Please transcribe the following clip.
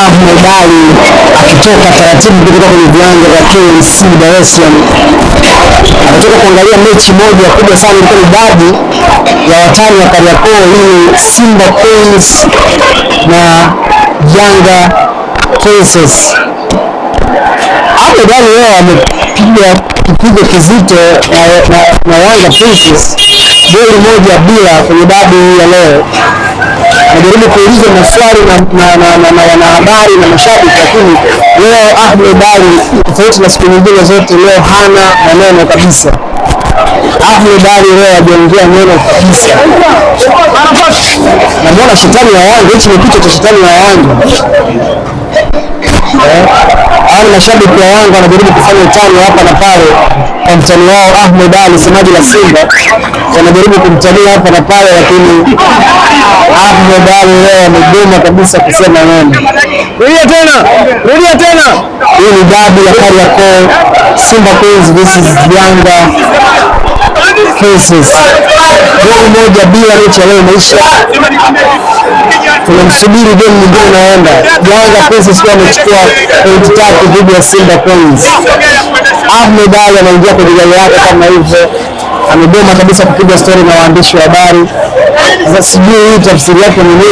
Ahmed Ali akitoka taratibu kutoka kwenye viwanja vya KMC Dar es Salaam, akatoka kuangalia mechi moja kubwa sana, ilikuwa ni dabi ya watani wa Kariakoo, hii Simba Queens na Yanga Princess. Ahmed Ali leo amepiga kipigo kizito na, na, na Yanga Princess goli moja bila kwenye dabi ya leo hizo maswali na wanahabari na mashabiki, lakini leo Ahmed Ally tofauti na siku nyingine zote, leo hana maneno kabisa. Ahmed Ally leo hajaongea neno kabisa. Namuona shetani wa Yanga, hichi ni kichwa cha shetani wa Yanga. Eh, Hawa mashabiki wa Yanga wanajaribu kufanya utani hapa na pale kwa mtani wao Ahmed Ali semaji la Simba wanajaribu kumtania hapa na pale, lakini Ahmed ali leo amegoma kabisa kusema neno. Rudia tena, rudia tena. Hii ni dabi ya Kariakoo, Simba Queens versus Yanga Princess. Goli moja bila, mechi leo imeisha tunamsubiri game nyingine inaenda. Yanga Princess kwa amechukua pointi tatu dhidi ya Simba Queens. Ahmed Ali anaingia kwenye gari yake kama hivyo, amegoma kabisa kupiga stori na waandishi wa habari. Sasa sijui hii tafsiri yake ni nini.